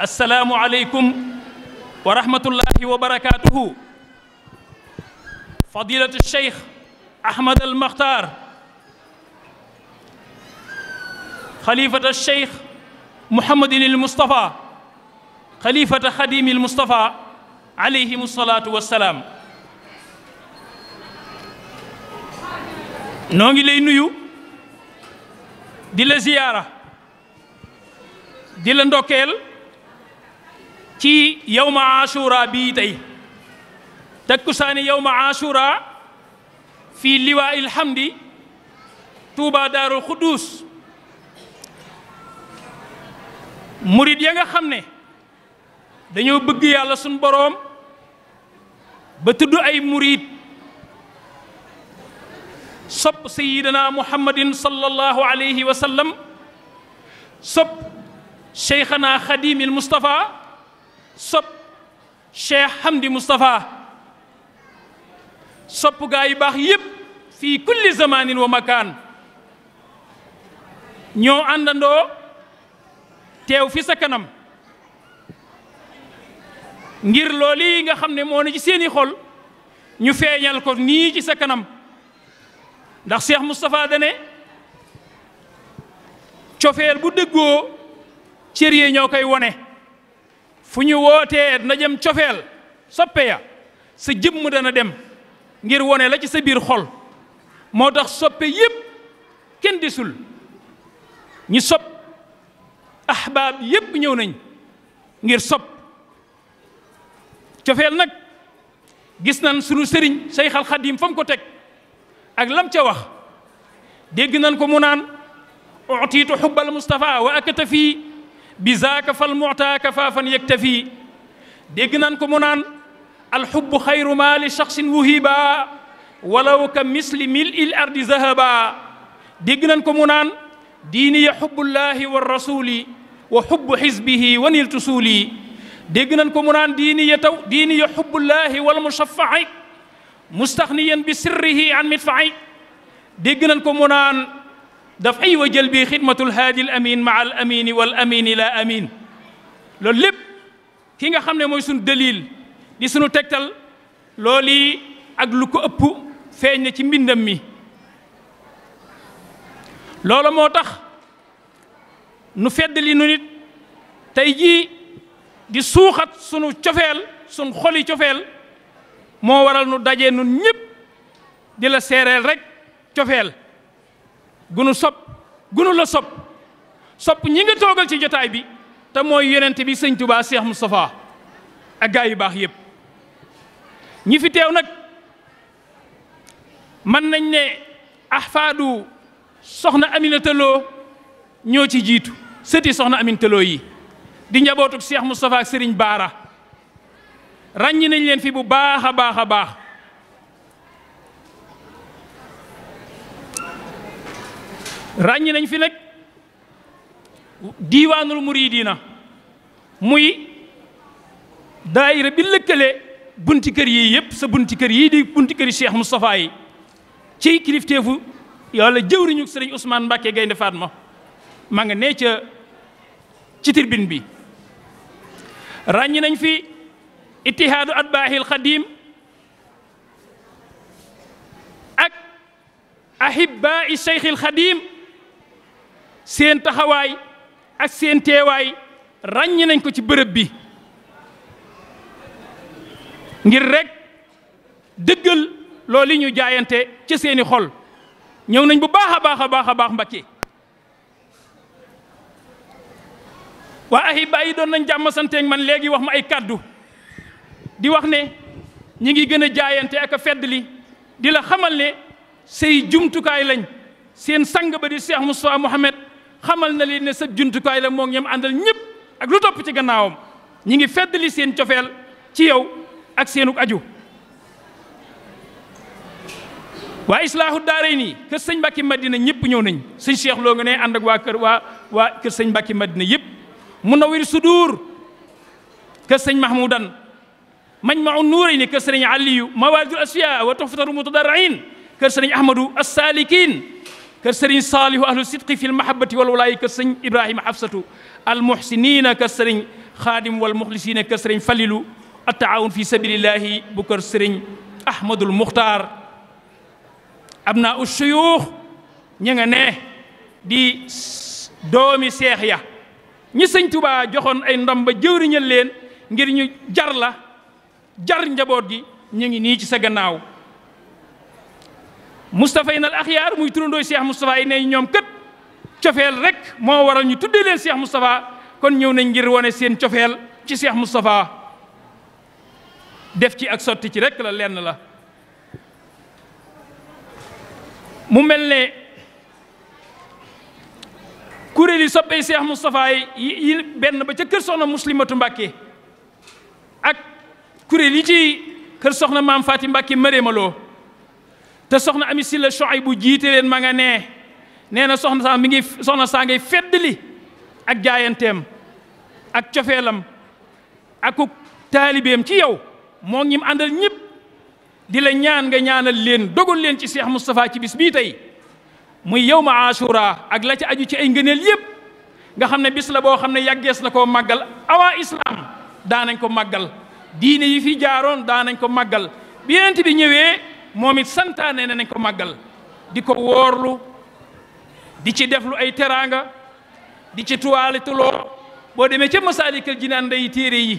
السلام عليكم ورحمة الله وبركاته فضيلة الشيخ أحمد المختار خليفة الشيخ محمد المصطفى خليفة خديم المصطفى عليه الصلاة والسلام نونغي لي نيو دي لا زياره di la ndokkeel ci yawma ashura bii tey takkusaani yawma ashura fii liwaa ilhamdi Touba Daarul Xuddus murit ya nga xam ne dañoo bëgg yàlla suñ boroom ba tudd ay murit sopp sayidana muhammadin sallallahu alayhi wa sallam sopp cheikhana xadimil mustapha Sop Cheikh Hamdi Mustafa. Sopu gaa yu baax yépp fii kulli zamanin wa makan ño andando tew fi sa kanam ngir loli nga xamne mo moo ne ci seeni xol ñu feñal ko ni ci sa kanam ndax Cheikh mustafa dene ciofel bu deggo ñokay woné fu ñu wootee na jëm cofeel soppe ya sa jëmm dana dem ngir wone la ci sa biir xol moo tax soppe yépp kenn desul ñi sopp ahbaab yépp ñëw nañ ngir sopp cofeel nag gis nañ sunu sëriñ say xal xadim fa ko teg ak lam ca wax dégg nañ ko mu naan utiitu xubbal Mustafa wa akata fii بزاك فالمعتا كفافا يكتفي دقنا كمنان الحب خير ما لشخص وهيبا ولو كمثل ملء الارض ذهبا دقنا كمنان ديني حب الله والرسول وحب حزبه ونيل تسولي دقنا كمنان ديني ديني حب الله والمشفع مستغنيا بسره عن مدفعي دقنا كمنان dafay wa jëlbi xidmatul haadil amin maa al amini wal amini la amin loolu lépp ki nga xam ne mooy suñu dalil di suñu tegtal loolu yi ak lu ko ëpp feeñ na ci mbindam mi loolu moo tax nu feddali nu nit tey jii di suuxat sunu cofeel sunu xoli cofeel moo waral nu daje nun ñëpp di la seereel rek cofeel gunu sopp gunu la sopp sopp ñi nga toogal ci jotaay bi te mooy yonent bi sëñ Tuubaa Cheikh Moustapha ak gaa yu baax yëpp ñi fi teew nag mën nañ ne ahfaadu soxna Aminata Lo ñoo ci jiitu sëti soxna Aminata Lo yi di njabootuk Cheikh Moustapha ak Serigne Baara ràññi nañ leen fi bu baax a baax a baax ràññi nañ fi nag diiwaanul muridiina muy daayira bi lëkkale bunti kër yii yëpp sa bunti kër yii di bunti kër yi Cheikh ci kilifteefu yàlla jëwriñu sëriñ Ousmane Mbacke Gaynde Fatma ma nga nee ca ci tribune bi ràññi nañ fi ittihaadu atbaahil xadiim ak ahibbaai Cheikhil Xadiim seen taxawaay ak seen teewaay ràññi nañ ko ci bërëb bi ngir rekk dëggal loolu yi ñu jaayante ci seeni xol ñëw nañ bu baax a baax a baax a baax Mbakke waa ahiba yi doon nañ jàmm santeeg man léegi wax ma ay kàddu di wax ne ñu ngi gën a jaayante ak a fedd li di la xamal ne say jumtukaay lañ seen sang ba di Cheikh Moustapha Mohamed xamal na leen ne sa jumtukaay la moom ñam àndal ñëpp ak lu topp ci gannaawam ñi ngi feddali seen cofeel ci yow ak seenuk aju waa islaahu daaray nii kër sëñ Mbàkke Madina ñëpp ñëw nañ sëñ Cheikh loo nga ne ànd ak waa kër waa waa kër sëñ Mbàkke Madina yëpp mu nawir sudur kër sëñ Mahmoudan mañ ma ni kër sëñ wa tuhfatul mutadarrin kër sëñ Ahmadou as-Salikin kër sëriñ saalihu ahlu sidqi fi lmahabati wal walaayi kër sëriñ ibrahima hafsatu almuhsinina kër sëriñ xaadim wal muxlisina kër sëriñ falilu attaawun fi sabilillahi bu kër sëriñ ahmadul muxtaar abnaa u suyuux ña nga ne di doomi seex ya ñi sëñ tubaa joxoon ay ndomba jëwriñal leen ngir ñu jar la jar njaboot gi ñu ngi nii ci sa gannaaw Moustapha yi nal axyaar muy turandooy Cheikh Moustapha yi ne ñoom kët cofeel rek moo waral ñu tuddee leen Cheikh Moustapha kon ñëw nañ njir wane seen cofeel ci Cheikh Moustapha def ci ak sotti ci rek la lenn la mu mel ne kuréel yi soppee Cheikh Moustapha yi benn ba ca kër soxna muslimatu Mbàkke ak kuréel yi ci kër soxna maam Faati Mbàkke Mareemaloo te soxna ami si la ay bu jiite leen ma nga nee nee na soxna saa mi ngi soxna saa ngay ak jaayanteem ak cofeelam akuk taalibeem ci yow moo ngi àndal ñépp di la ñaan nga ñaanal leen dogal leen ci Cheikh Moustapha ci bis bii tey muy yow ma Ashura ak la ci aju ci ay ngëneel yépp nga xam ne bis la boo xam ne yàggees na koo màggal avant islam daanañ ko màggal diine yi fi jaaroon daanañ ko màggal bi bi ñëwee momit santane nañ ko magal di worlu di ci def lu ay teranga di ci lo bo demé ci masaalikal jinan day téré yi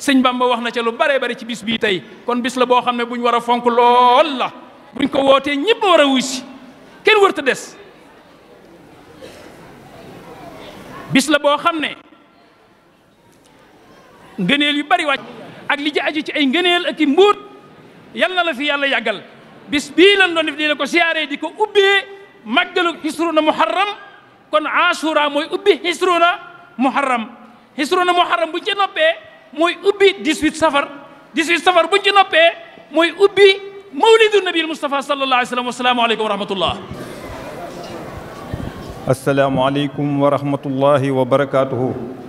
señ Bamba waxna ci lu bare bare ci bis bi tay kon bis la bo xamné buñ wara fonk lol la buñ ko woté ñepp wara wusi wërta des bis la bo xamné ngeenel yu bari wacc ak li ci aji ci ay ngeenel ak i yal na la fi yàlla yàggal bis bii lan doon def di la ko siyaaree di ko ubbee màggalu xisruna muharram kon asura mooy ubbi xisruna muharram xisruna muharram buñ ci noppee mooy ubbi 18 safar 18 safar buñ ci noppee mooy ubbi mawlidu nabil mustafa sallallahu alayhi wa sallam wasalaamualeykum wa rahmatullah asalaamualeykum wa rahmatullahi wa barakaatuhu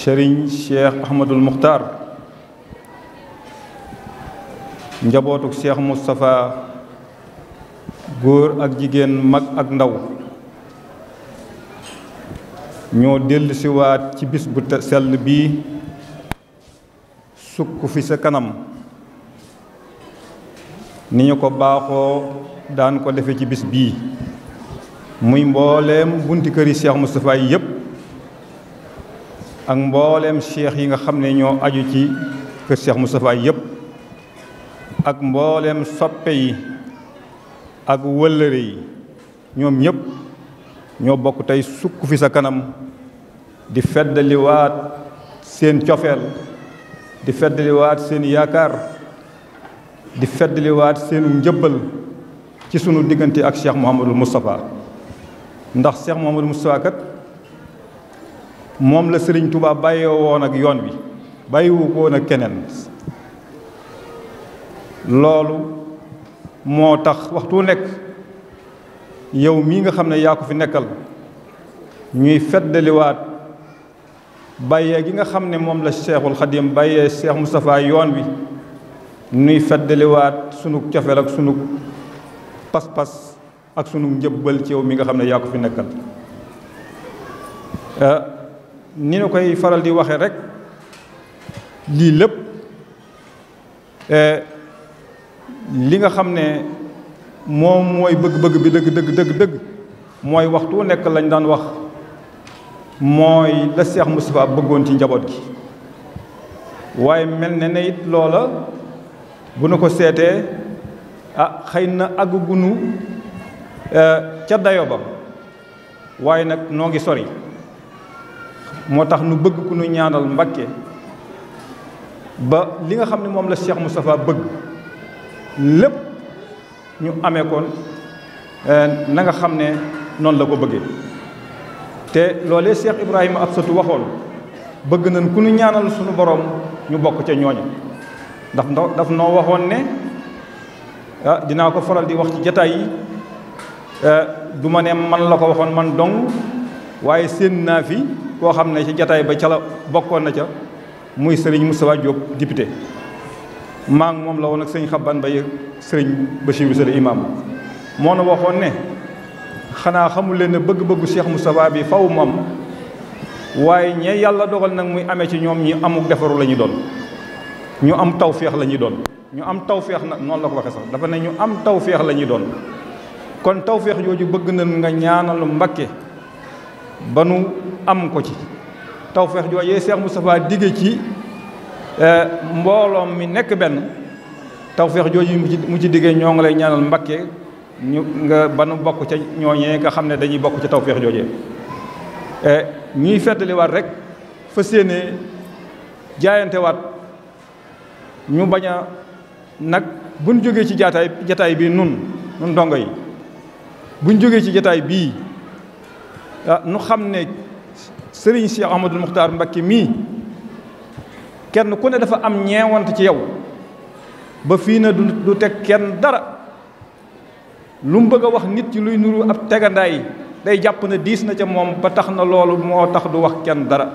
Serigne Cheikh Ahmadul Mukhtar njabootuk Cheikh Moustapha góor ak jigéen mag ak ndaw ñoo dellusiwaat ci bis bu sell bii sukk fi sa kanam ni ñu ko baaxoo daan ko defe ci bis bii muy mbooleem bunti këri Cheikh Moustapha yi yépp ak mboolem cheikh yi nga xam ne ñoo aju ci kër Cheikh Moustapha yi yépp ak mbooleem soppe yi ak wëllëre yi ñoom ñëpp ñoo bokk tey sukk fi sa kanam di feddaliwaat seen cofeel di feddaliwaat seen yaakaar di feddaliwaat seen njëbbal ci sunu diggante ak Cheikh Mouhamadul Moustapha ndax Cheikh Mouhamadul Moustapha kat moom la Serigne Touba bàyyee woon ak yoon wi bàyyiwu ko woon keneen loolu moo tax waxtu nekk yow mii nga xam ne yaa ko fi nekkal ñuy feddaliwaat bàyyee gi nga xam ne moom la Seexul Xadim bàyyee Seex Moustapha yoon wi ñuy feddaliwaat sunu cofeel ak sunu pas-pas ak sunu njëbbal ci yow mi nga xam ne yaa ko fi nekkal euh, ni ñu koy faral di waxe rek lii lépp euh, li nga xam ne moom mooy bëgg-bëgg bi dëgg dëgg dëgg mooy waxtu nekk lañ daan wax mooy la Seex Mustafaa bëggoon ci njaboot gi waaye mel ne ne it loola bu nu ko seetee a ah, xëy na àggugunu eh, ca dayo ba waaye nag noo ngi sori moo tax nu bëgg ku nu ñaanal Mbàkke ba li nga xam ne moom la Cheikh Moustapha bëgg lépp ñu amee koon euh, nanga xam ne noonu la ko bëggee te loolee Cheikh Ibrahima ab satu waxoon bëgg nañ ku ñu ñaanal sunu borom ñu bokk ca ñooña daf no daf noo waxoon ne ah dinaa ko faral di wax ci jataay yi euh, du ma ne man la ko waxoon man dong waaye séen naa fi koo xam ne ci jataay ba cala bokkoon na ca muy Serigne Moustapha Diop député maa moom la woon ak sëñ xabban bay sëriñ ba Bachirou Sall imaam moo na waxoon ne xanaa xamul leen ne bëgg-bëggu Cheikh Moustapha bi faw moom waaye ñee yàlla dogal nag muy amee ci ñoom ñi amuk defaru lañuy doon ñu am tawféex la ñu doon ñu am tawféex nag noonu la waxee sax dafa ne ñu am tawféex la ñu doon kon tawféex jooju bëgg nañ nga ñaanalu Mbàkke ba nu am ko ci tawféex jooju Cheikh Moustapha digge ci Euh, mbooloom mi nekk benn tawféex jooju mu ci diggee ñoo ngi lay ñaanal Mbakke ñu ba banu bokk ca ñooñee nga xam ne dañuy bokk ci tawféex joojee euh, ñuy feddaliwaat rek fa yéene jaayantewaat ñu bañ a nag buñ jógee ci jataay jataay bi nun nun dongo yi buñ jógee ci jataay bii ah, nu xam ne sëriñ Cheikh Ahmadul Muxtaar Mbakke mii kenn ku ne dafa am ñeewant ci yow ba fii na du teg kenn dara lu mu bëgg wax nit ci luy nuru ab tegandaay day jàpp na diis na ca moom ba tax na loolu moo tax du wax kenn dara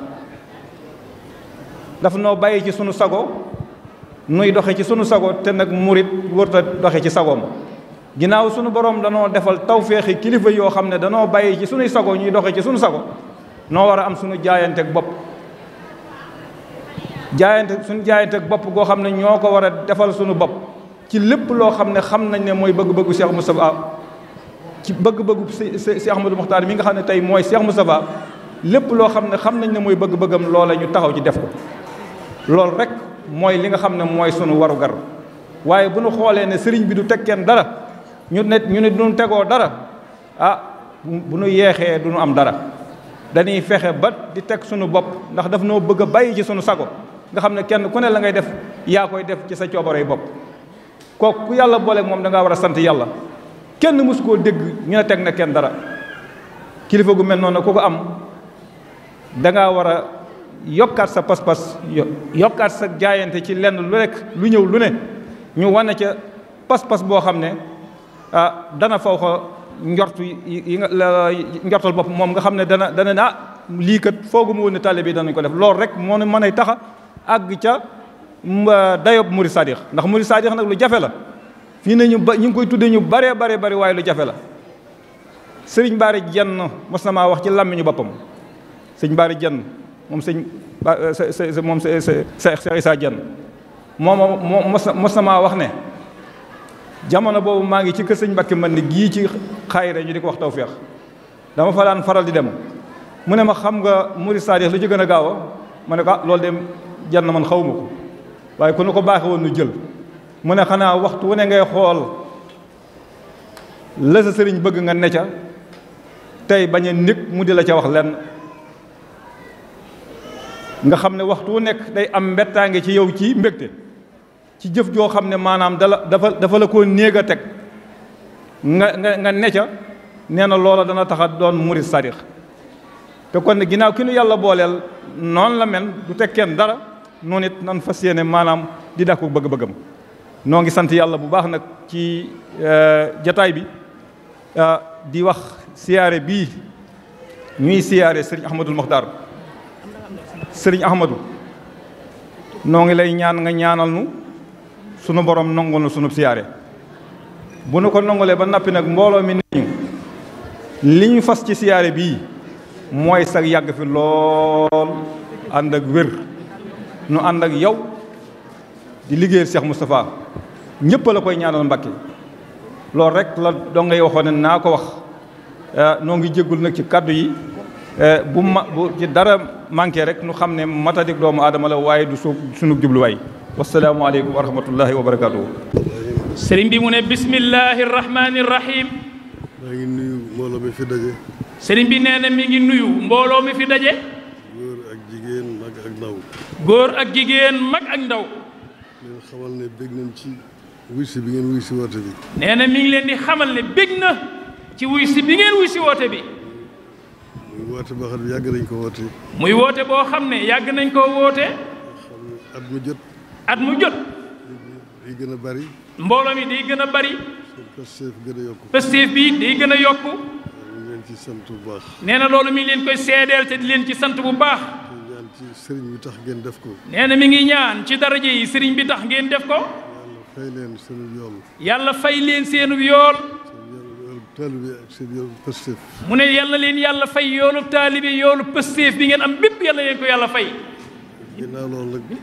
dafa noo bàyyi ci sunu sago nuy doxe ci sunu sago te nag murit wërta doxe ci sagoom ginnaaw sunu borom danoo defal tawféexi kilifa yoo xam ne danoo bàyyi ci sunuy sago ñuy doxe ci sunu sago noo war a am sunu jaayante ak bopp jaayante suñ jaayante bopp goo xam ne ñoo ko war a defal suñu bopp ci lépp loo xam ne xam nañ ne mooy bëgg-bëggu Cheikh Moustapha ah, ci bëgg-bëggu Cheikh Ahmadou Mokhtar mi nga xam ne tey mooy seex Cheikh Moustapha lépp loo xam ne xam nañ ne mooy bëgg-bëggam loola ñu taxaw ci def ko loolu rek mooy li nga xam ne mooy sunu warugar waaye bu ñu xoolee ne sëriñ bi du teg kenn dara ñu ne ñu ne duñu tegoo dara ah bu nu yeexee du ñu am dara dañuy fexe ba di teg sunu bopp ndax daf noo bëgg bàyyi ci sunu sago nga xam ne kenn ku ne la ngay def yaa koy def ci sa coobare bopp kooku yàlla booleeg moom da ngaa war a sant yàlla kenn mësu koo dégg ñu ne teg na kenn dara kilifa gu mel noonu ku ko am da ngaa war a yokkaat sa pas-pas yokkaat sa jaayante ci lenn lu rek lu ñëw lu ne ñu wane ca pas-pas boo xam ne ah, dana faw ko njortu yi nga njortal bopp moom nga xam ne dana dana ne ah lii kat foogu mu woon ne taalibe bi danañ ko def loolu rek moo mën ay taxa àgg ca dayob muri sadix ndax muri sadix nag lu jafe la fii ne ñu ba ñu ngi koy tuddee ñu baree baree bari waaye lu jafe la sëriñ baari jenn mos na maa wax ci làmmiñu boppam sëñ baari jenn moom sëñ sa euh, moom sa sa isa jenn moom mos mos na maa wax ne jamono boobu maa ngi ci kër sëñ Mbàkke man ni gii ci xayira ñu di ko wax tawféex dama fa daan faral di dem mu ne ma xam nga muri sadix lu ci gën a gaaw ma ne ah loolu de jar na man xaw ma ko waaye ku nu ko baaxe woon nu jël mu ne xanaa waxtu wu ne ngay xool la sa sëriñ bëgg nga ne ca tey bañ a mu di la ca wax lenn nga xam ne waxtu wu nekk day am mbettaange ci yow ci mbégte ci jëf joo xam ne maanaam dala dafa dafa la ko néeg a teg nga nga nga ne ca nee na loola dana taxa doon murit sarix te kon ginnaaw ki nu yàlla booleel noonu la men du teg kenn dara Nonit it nan fas yéene di dakku bëgg-bëggam no ngi sant yalla bu baax nak ci eh, jotaay bi eh, di wax Sri bi ñuy Sri serigne ahmadul maxtaar serigne ahmadou no ngi lay ñaan nga ñaanal nu suñu borom nongul nu suñu siyaré bu nu ko nongulee ba nappi nak mbolo mi nit ñu fas ci siyaré bi moy sax yag fi lool ak nu ànd ak yow di liggéeyal Cheikh Moustapha ñëpp la koy ñaanal Mbàkke loolu rek la doo ngay waxoo ne naa ko wax euh, noo ngi jéggul nag ci kàddu yi euh, bu ma bu ci dara manqué rek nu xam ne matadik doomu aadama la waaye du su sunu jubluwaay wasalaamualeykum wa rahmatullahi wa barakaatu. sëriñ bi mu ne bismillahi rahmaani rahim. maa ngi nuyu mbooloo mi fi daje. sëriñ bi nee mi ngi nuyu mbooloo mi fi daje. góor ak jigéen mag ak ndaw. góor ak jigéen mag ak ndaw. leen xamal ne bég nañ ci wuy bi ngeen wuy si woote bi. nee na mi ngi leen di xamal ne bég na ci wuy bi ngeen wuy si woote bi. muy woote boo xam ne yàgg nañ ko woote. muy woote boo xam ne yàgg nañ koo woote. at mu jot. at mu jot. day gën a bari. mbooloo mi day gën a bari. pasteef gën a yokku. pasteef bi day gën a yokku. ci sant bu baax. nee loolu mi ngi leen koy seedeel te di leen ci sant bu baax. di ñaan ci sëriñ bi tax ngeen def ko. nee na mi ngi ñaan ci daraje yi sëriñ bi tax ngeen def ko. yàlla fay leen seenub yool. yàlla fay leen seenub yool. mu ne yàlla leen yàlla fay yoolu taalibe yoolu pësteef bi ngeen am bépp yàlla leen ko yàlla fay. gannaaw loolu nag.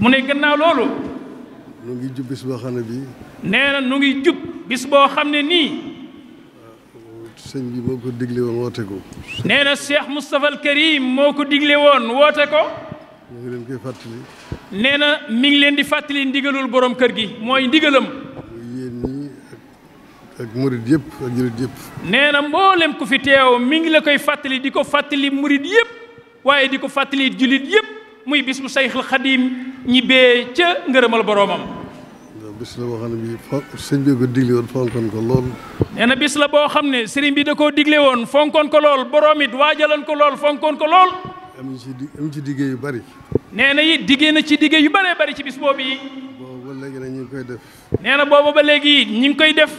mu ne gannaaw loolu. nu ngi jub bis boo xam ne bii. nee nu ngi jub bis boo xam ne nii. sëñ bi moo ko digle woon woote ko. nee na Cheikh Moustapha al Karim moo ko digle woon woote ko. mu ngi leen koy fàttali. nee na mi ngi leen di fàttali ndigalul boroom kër gi mooy ndigalam. yéen ñi ak murid yëpp ak jullit yëpp. nee na mboolem ku fi teew mi ngi la koy fàttali di ko fàttali murid yëpp waaye di ko fàttali jullit yëpp muy bis bu Sayxul Xadiim ñibbee ca ngërëmal boromam. bis la boo xam ne bii fo sëñ ko digle woon fonkoon ko lool. nee na bis la boo xam ne sëriñ bi da koo digle woon fonkoon ko lool borom it waajaloon ko lool fonkoon ko lool. am na ci di ci diggé yu bari. nee na it diggé na ci diggé yu bëree bari ci bis boobu yi. boobu ba léegi nag ñu ngi koy def. nee na boobu ba léegi ñu ngi koy def.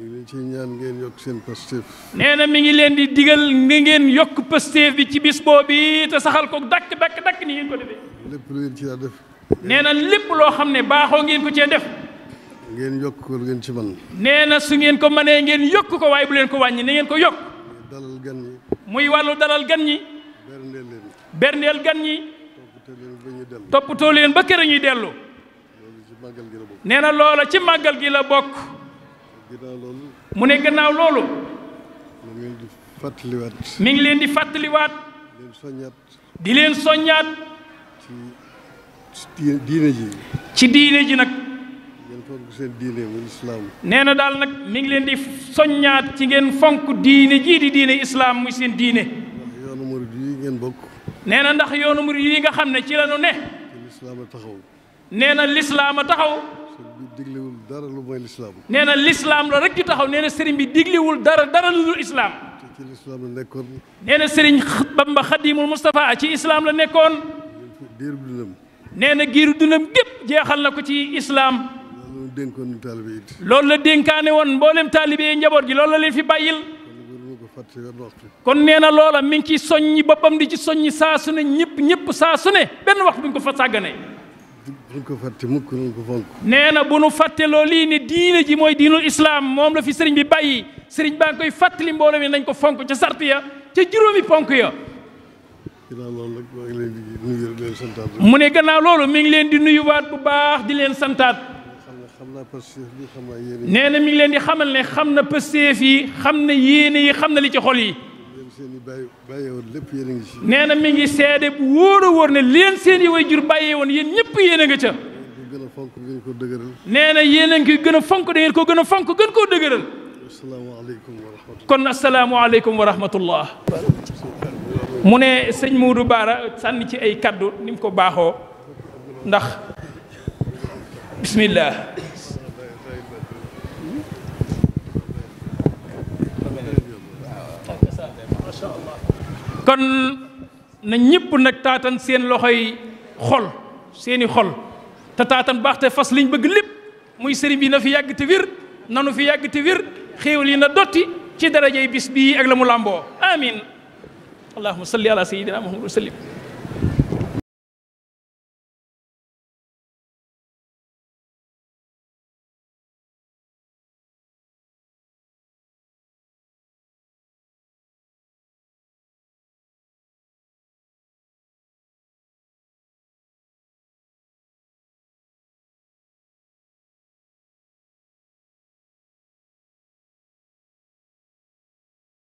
ñu ngeen yokk seen pastéef. nee na mi ngi leen di digal ni ngeen yokk pastéef bi ci bis boobu te saxal ko dakk dakk dakk ni ngeen ko defee. lépp lu ngeen ci def. nee na lépp loo xam ne baaxoo ngeen ko cee def. ngeen yokk ko lu ngeen na su ngeen ko mënee ngeen yokk ko waaye bu leen ko wàññi na ngeen ko yokk. dalal gan ñi. muy wàllu dalal gan ñi. berndeel leen. berndeel gan ñi. toppatoo leen ba kër ñuy dellu. nee na loola ci màggal gi la bokk. mu ne gannaaw loolu. mu ngi leen di fàttaliwaat. ngi leen di fàttaliwaat. di leen soññaat. diine ji. ci diine ji nag. nee na daal nag mi ngi leen di soññaat ci ngeen fonk diine jii di diine islaam muy seen diine. yoonu ngeen bokk. nee na ndax yoonu murid yi nga xam ne ci la ne. lislaam a nee na lislaam a taxaw. diglewul dara lu mooy lislaam. nee na lislaam la rek ci taxaw nee na sëriñ bi diglewul dara dara lu dul islaam. ci lislaam la nekkoon. nee na sëriñ Bamba Xadimul Moustapha ci islaam la nekkoon. diiru dundam. nee na giiru dundam gépp jeexal na ko ci islaam. mu dénkoon taalibe yi loolu la dénkaane woon mboolem taalibe yi njaboot gi loolu la leen fi bàyyil kon nee na loola mi ngi ci soññi boppam di ci soññi saa su ne ñëpp ñëpp saa su ne benn waxtu bu ñu fa sàggane buñ ko fàtte na nu fàtte loolu lii ne diine ji mooy diinul islaam moom la fi sëriñ bi bàyyi sëriñ baa ngi koy fàttali mbooloo ko fonk ca sart ya ponk ya mu ne gannaaw loolu ngi leen di nuyuwaat bu baax di leen santaat nee na mi ngi leen di xamal ne xam na pësteef yi xam na yéene yi xam na li ci xol yi. nee na mi ngi seede bu wóor a wóor ne leen seen yi way jur bàyyee woon yéen ñëpp yéen a nga ca. nee na yéen a ngi koy gën a fonk da ngeen ko gën a fonk gën koo dëgëral. kon asalaamaaleykum wa rahmatullah. mu ne sëñ Moudou Baara sànni ci ay kaddu ni mu ko baaxoo ndax bismillah. kon na ñëpp nag taatan seen loxoy xol seeni xol te taatan baax te fas liñ bëgg lépp muy sëriñ bi na fi yàgg te wér nanu fi yàgg te wir xéewal yi na dotti ci darajey bis bii ak la mu làmboo amin allahuma salli ala sayidina muhammad wa sallim